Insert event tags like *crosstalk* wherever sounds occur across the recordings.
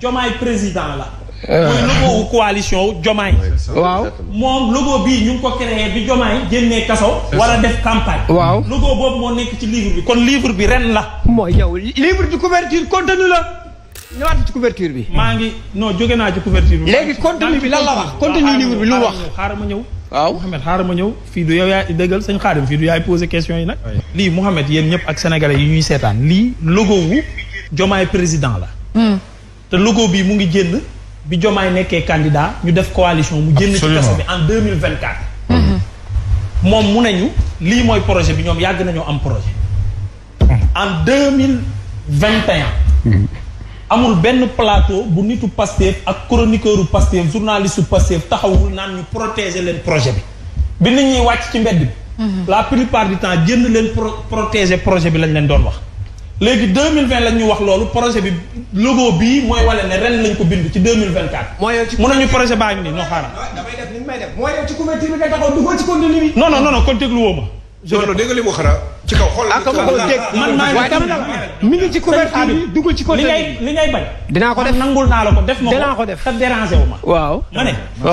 Jomaay président la. Eh. o logo wu coalition wu Jomaay. waaw logo bii ñu ngi ko créé bi Jomaay génnee kaso. war a def campagne. waaw logo boobu moo nekk ci livre bi kon livre bi ren la. mooy yow livre de couverture contenu la. ñëwaat ci couverture bi. maa ngi non jóge naa ci couverture bi. léegi contenu bi lan la wax contenu livre bi lu wax. xaaral ma ñëw waaw Mouhamed xaaral ma ñëw fii du yow yaay dëggal sëñ Xaadim fii du yaay posé question yi nag. lii Mouhamed yéen ñëpp ak sénégalais yi ñuy seetaan lii logo wu Jomaay président la. Hmm. te logo bii mu ngi génn bi Jomaay nekkee candidat ñu def coalition mu génn ci kaso bi en 2024 mhm. moom mu nañu lii mooy projet bi ñoom yàgg nañoo am projet en 2021 mhm. amul benn plateau bu nitu Pastef ak chroniqueur u Pastef journaliste u Pastef taxawul naan ñu protéger leen projet bi bi nit ñuy wàcc ci mbedd bi mhm. la plupart du temps génn leen protéger projet bi lañ leen doon wax léegi deux mille vingt lañ ñu wax loolu projet bi logo bii mooy wane ne ren lañ ko bind ci deux mille vingt quatre. mooy yow ci mun nañu projet baa ngi nii non xaaral. damay def ni may def mooy yow ci couverture bi ci contenu bi. non non non kon déglu woo ma. ci ko ah, man maa ngi ci couverture bi ci contenu li ngay li ngay bañ. dinaa ko def nangul naa la ko def ma ko dinaa ko def te dérangé wu ma. waaw ma ne.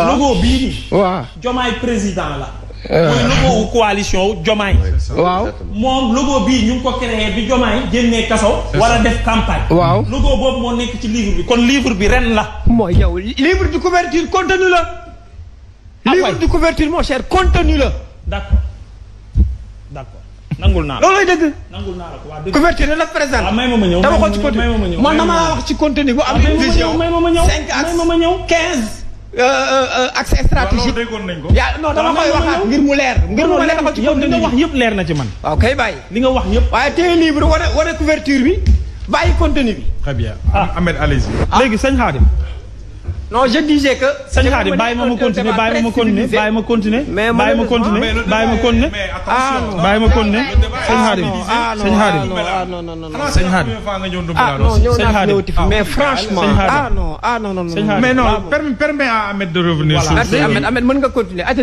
logo bii waa waaw président la. mooy logo wu coalition wu Jomaay. waaw moom logo bii ñu ngi ko créé bi Jomaay génnee kaso. war a def campagne. waaw logo boobu moo nekk ci livre bi kon livre bi ren la. mooy yow livre de couverture contenu la. Ah, livre de couverture mon cher contenu la. d'accord d'accord nangul naa la loolooy dëgg. nangul naa la ko waa dëgg couverture la présente. waaw ah, may ma ma ñëw dama ko ci contenu man damaa wax ci contenu bu am. Ah, vision may ma ma ñëw may ma ma 15. Euh, euh, accès stratégique déggoon nañ ko. yaa non dama koy waxaat ngir mu leer. ngir mu leer ko ci yow li nga wax yëpp leer na ci man. waaw kay bàyyi. li nga wax yëpp. waaye téye livre wane wane couverture bi bàyyi contenu bi. très bien. ah Ahmed allez-y. Ah. léegi sëñ non je disais que. ça Xaadim bàyyi ma continuer continuer continuer. mais continuer continuer. ah continuer. ah non non non non mais franchement. ah non ah non non non. mais non permet à Ahmed de revenir sur. Ahmed Ahmed continuer.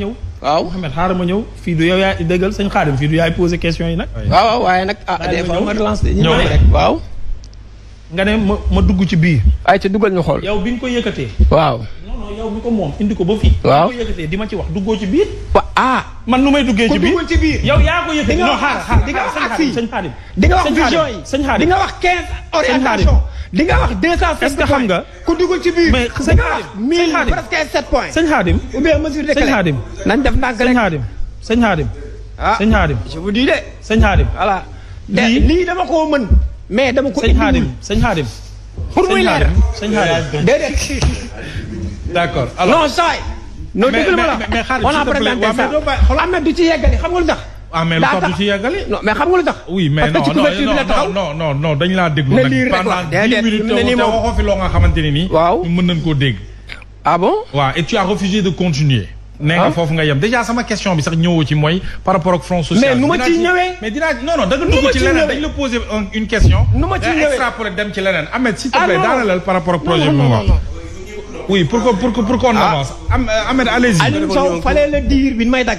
non waaw Mouhamed xaaral ma ñëw fii du yow yaay dëggal sëñ Xaadim fii du yaay posé question yi nag. waaw waaye nag ah des fois ma relance de ñëw rek waaw. nga ne ma ma dugg ci biir ay ca duggal ñu xool. yow bi ñu ko yëkkatee. waaw. ko moom indi ko ba fii. waaw ci wax duggoo ci biir. wa ah. man nu may duggee ci biir ku ci biir. yow yaa ko yëkkatee. di nga wax xaaral xaaral sëñ Xaadim di nga wax vision yi. sañ Xaadim di nga wax 15 orientation di nga wax deux cent sept xam nga. ku dugg ci biir mais sëñ mille presque sept points. sëñ Xaadim ou bien mesure de sëñ Xaadim nañ def ndànk rek sëñ Xaadim sëñ Xaadim. ah sëñ Xaadim je vous dis de. sëñ Xaadim voilà. lii lii dama koo mën. mais dama ko indi sëñ Xaadim sëñ Xaadim. pour muy *laughs* alors saa yi. non déglu la on a présenté ça. ci yeggali xam nga lu tax. ah mais le tu du non mais xam nga sais oui mais non non non non ah bon. et tu as refusé de continuer. Ah. déjà c'est question par rapport au front social. mais ma non non Il dugg une question. Ahmed par rapport au projet oui pourquoi que allez-y. le dire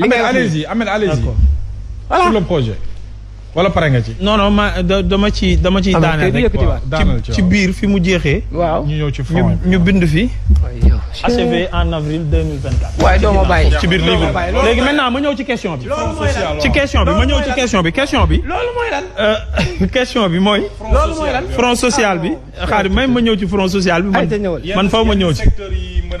allez-y allez-y sur ah. le projet. Voilà par non non ma dama ci dama ciy daaneel ci biir fi mu jeexee. waaw ci fi. en avril 2024. ma ci livre question bi. ci question bi ma question bi question bi. que euh, *laughs* question bi front social bi. Ah, ma front social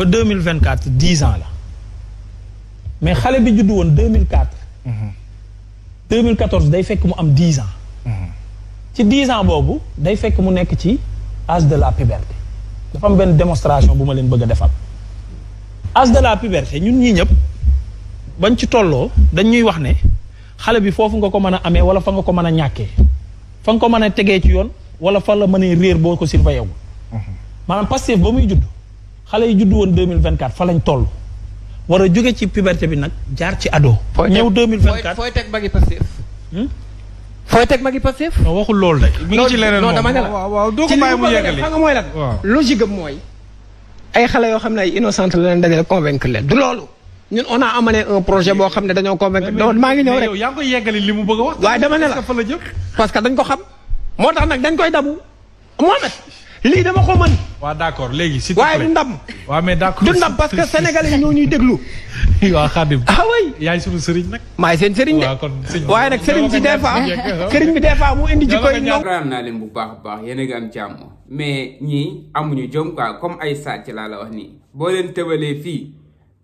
ba deux mille vingt quatre dix ans la mais xale bi juddu woon deux mille quatre. Mhm. deux mille quatorze day fekk mu am dix ans. Mhm. ci dix ans boobu day fekk mu nekk ci âge de la puberté dafa am benn démonstration bu ma leen bëgg a defal âge de la puberté ñun ñii ñëpp bañ ci tolloo dañ ñuy wax ne xale bi foofu nga ko mën a amee wala fa nga ko mën a ñàkkee fa nga ko mën a tegee ci yoon wala fa la mën a réer boo ko surveillé wu mhm. maanaam Pastef ba muy judd xale yi juddu woon deux mille vingt quatre fa lañ toll. war a jóge ci puberté bi nag jaar ci ado. ñëw deux mille vingt quatre fooy teg magi Pastef. Hmm? fooy teg magi Pastef. non waxul loolu de. mi ngi ci leneen dama ne la waaw waaw doo ko bàyyi mooy ay xale yoo xam ne ay innocente la leen dajale convaincre leen du loolu. ñun on a amené un projet boo xam ne dañoo convaincre donc maa ngi ñëw rek yaa ngi koy yeggali li mu bëgg a wax. waaye dama ne la parce que dañ ko xam. moo tax nag dañ koy dabu Mohamed lii dama ko mën. waaw accord léegi si te plaît waaye du ndam. waaw mais d' accord du parce que sénégalais ñoo ñuy déglu. *laughs* waaw Xaadim. ah oui yaay sunu sëriñ nag. maay seen sëriñ de. waaw kon sëriñ bi waaye bi des fois sëriñ bi des fois mu indi jikko yi ñoom. raam a baax yéen a ngi mais ñii amuñu jom comme ay sàcc laa la wax nii boo leen tëbalee fii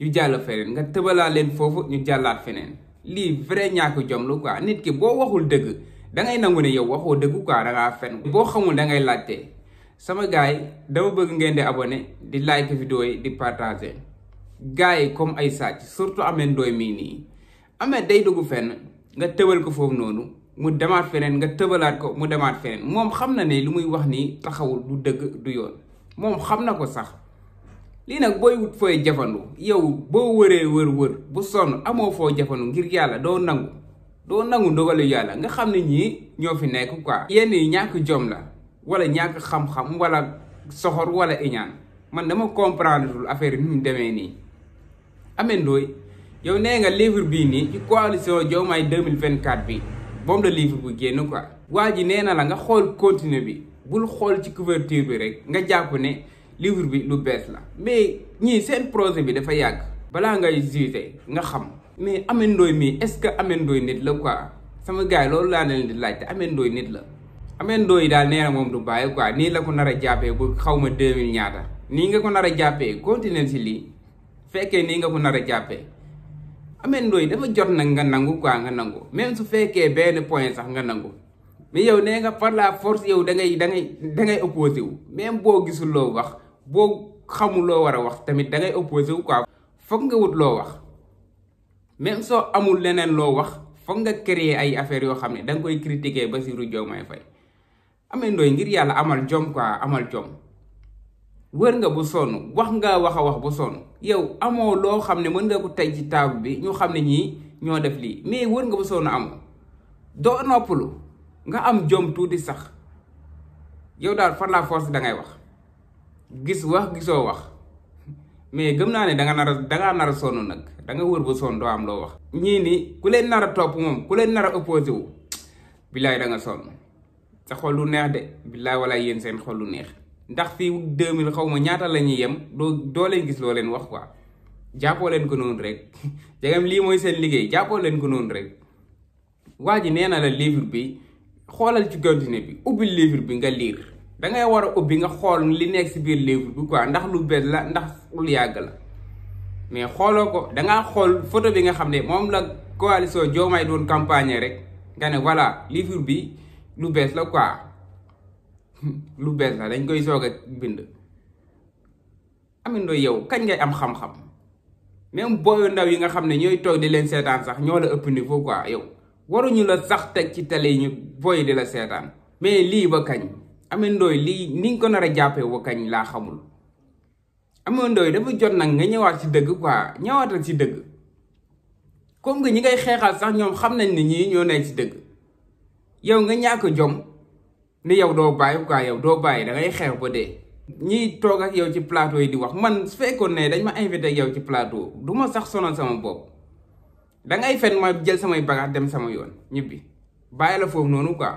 ñu jàll feneen nga tëbalaa leen foofu ñu jàllaat feneen lii vrai ñàkk jom nit ki boo waxul dëgg da ngay nangu ne yow waxoo dëgg quoi da ngaa fen boo xamul da ngay laajte sama gars yi dama bëgg ngeen di abone di like vidéo yi di partager gars yi comme ay sàcc surtout Ameth Ndoye mii nii Ameth day dugg fenn nga tëbal ko foofu noonu mu demaat feneen nga tëbalaat ko mu demaat feneen moom xam na ne lu muy wax nii taxawul du dëgg du yoon moom xam na ko sax lii nag booy fooy jafandu yow boo wëree wër wër bu sonn amoo foo jafandu ngir yàlla doo nangu doo nangu ndogalu yàlla nga xam ne ñii ñoo fi nekk ko yenni yi ñàkk jom la. wala ñàkk xam-xam wala soxor wala iñaan man dama comprendre tul affaire bi mu demee nii Ameth Ndoye yow nee nga livre bii nii ci coalition Diomaye 2024 bi moom la livre bu génn ko waa ji nee na la nga xool contenu bi bul xool ci couverture bi rek nga jàpp ne livre bi lu bees la mais ñii seen projet bi dafa yàgg balaa ngay juger nga xam mais Ameth Ndoye mii est-ce que Ameth Ndoye nit la quoi sama gars yi loolu laa ne di laaj te nit la amee ndooyi daal nee moom du bàyyi ko nii la ko nar a jàppee bu xaw ma 2000 ñaata nii nga ko nar a jàppee continuer si lii fekkee nii nga ko nar a jàppee amee ndooyi dafa jot nag nga nangu quoi nga nangu même su fekkee benn point sax nga nangu yow nee nga par la force yow da ngay da ngay da ngay opposé wu même boo gisul loo wax boo xamuloo war a wax tamit dangay ngay opposé foog nga wut loo wax même soo amul leneen loo wax foog nga créer ay affaires yoo xam ne da nga koy critiquer Bassirou Diomaye fay amee ndoy ngir yàlla amal jom quoi amal jom wër nga bu sonn wax nga wax a wax bu sonn yow amoo loo xam ne mën nga ko tey ci taabu bi ñu xam ne ñii ñoo def lii mais wër nga bu sonn amoo doo noppalu nga am jom tuuti sax yow daal par la force dangay wax gis wax gisoo wax mais gëm naa ne danga nar a dangaa nar a sonn nag danga wër bu sonn doo am loo wax ñii ni ku leen nar a topp moom ku leen nar a opposé wu danga sonn sa xol lu neex de billaay wala yéen seen xool lu neex ndax fii 2000 xaw ma ñaata la ñuy yem doo doo leen gis loo leen wax quoi jàppoo leen ko noonu rek *laughs* jegam lii mooy seen liggéey jàppoo leen ko noonu rek waa ji nee na la livre bi xoolal ci continue bi ubbi livre bi nga liir dangay war a ubbi nga xool li nekk si biir livre bi quoi ndax lu bees la ndax lu yàgg la mais xooloo ko dangaa xool foto bi nga xam ne moom la coalition Diomaye doon campagne rek Lubez *laughs* là quả Lubez là dañ koy soog a bind Amine Ndoye yow kañ ngay am xam-xam même booyu ndaw yi nga xam ne ñooy toog di leen seetaan sax ñoo la ëpp niveau quoi yow waruñu la sax teg ci télé yi ñu booy di la seetaan mais lii ba kañ Amine Ndoye lii ni nga ko nar a jàppee ba kañ laa xamul Amine Ndoye dafa jot nag nga ñëwaat ci dëgg quoi ñëwaatal là dëgg được que ñi ngay xeexal sax ñoom xam nañ này ñii ñoo này ci được ยังเงี้ยากจมนี่ยาวดูใบกายาวดูไปนะไั้เขกประเดนี่ตัวก็ยาวจีปลาดูดีกว่ามันสเปกคนเนี่ยได้มาเอฟเฟกต์ยาวจีปลาดูดูมาสักส่วนั้สมบูรณ์แล้วไอ้แฟนมาเจอสมัยปากัดเดิมสมัยย้อนยี่ปีไปแล้วฟูมโนนุก็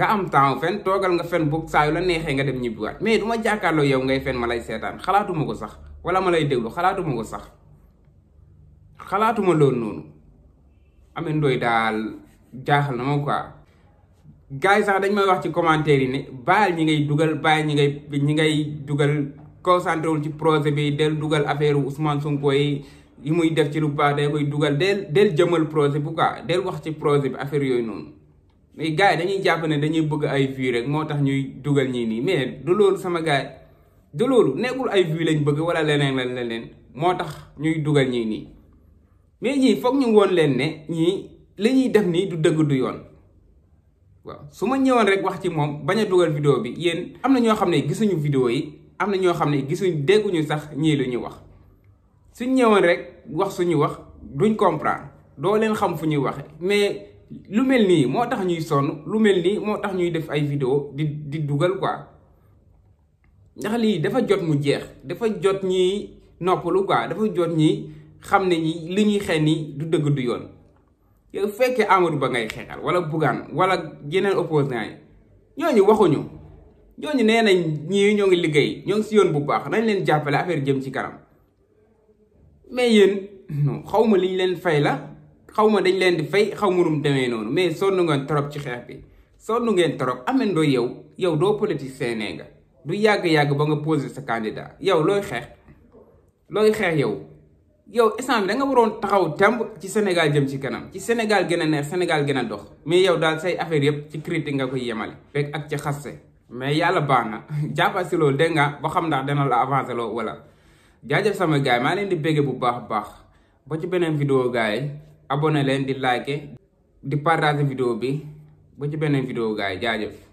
กงอัมตางแฟนตัวก็แฟนบุกสายแล้วเนี่ยเข่งกัเดิมยี่ปีเมื่อดูมาจากการลอยยางเงี้แฟนมาเลยเซียตันขลาดูมุกสักว่าละมาเลยเดือดขลาดูมุกสักขลาดูมุลโนนุอเมนดูดาลจ้าหลังมุก้า gars yi dañ may wax ci commentaire yi ne baal ñi ngay dugal baal ñi ngay ñi ngay dugal concentré wul ci projet bi del dugal affaire Ousmane Sonko yi yi muy def ci lu baax day dugal del del jëmal projet bu del wax ci projet bi affaire yooyu noonu mais gars dañuy jàpp ne dañuy bëgg ay vues rek moo tax ñuy dugal ñii nii mais du loolu sama gars yi loolu nekkul ay vues lañ bëgg wala leneen lan leneen moo tax ñuy dugal ñii nii mais ñii foog ñu woon leen ne ñii li ñuy def nii du dëgg du yoon. waaw su ma ñëwoon rek wax ci moom bañ a dugal video bi yéen am na ñoo xam ne gisuñu vidéo yi am na ñoo xam ne gisuñu dégguñu sax ñii lu ñuy wax suñ ñëwoon rek wax suñu wax duñ comprendre doo leen xam fu ñuy waxe mais lu mel nii moo tax ñuy sonn lu mel nii moo tax ñuy def ay vidéo di di dugal quoi ndax lii dafa jot mu jeex dafa jot ñi noppalu quoi dafa jot ñi xam ne ñi li ñuy xen ni du dëgg du yoon yow fekkee Amadou Ba ngay xeexal wala Bougane wala yeneen opposants yi ñooñu waxuñu ñooñu nee nañ ñii ñoo ngi liggéey ñoo ngi si yoon bu baax nañ leen jàppale affaire jëm ci kanam mais yéen non xaw ma liñ leen fay la xaw ma dañ leen di fay xaw ma nu demee noonu mais sonn ngeen trop ci xeex bi sonn ngeen trop ameen doo yow yow doo politicien nee nga du yàgg-yàgg ba nga posé sa candidat yow looy xeex looy xeex yow. yow instant bi da nga waroon taxaw temb ci Sénégal jëm ci kanam ci Sénégal gën a neex Sénégal gën a dox mais yow daal say affaire yëpp ci critique nga koy yemal fekk ak ci se mais yàlla baax na *laughs* jàppal si loolu dégg nga ba xam ndax dana la avancé loo wala jaajëf sama gars yi maa leen di bégge bu baax baax ba ci beneen vidéo gars yi abonné leen di like di partage vidéo bi ba ci beneen vidéo gars yi jaajëf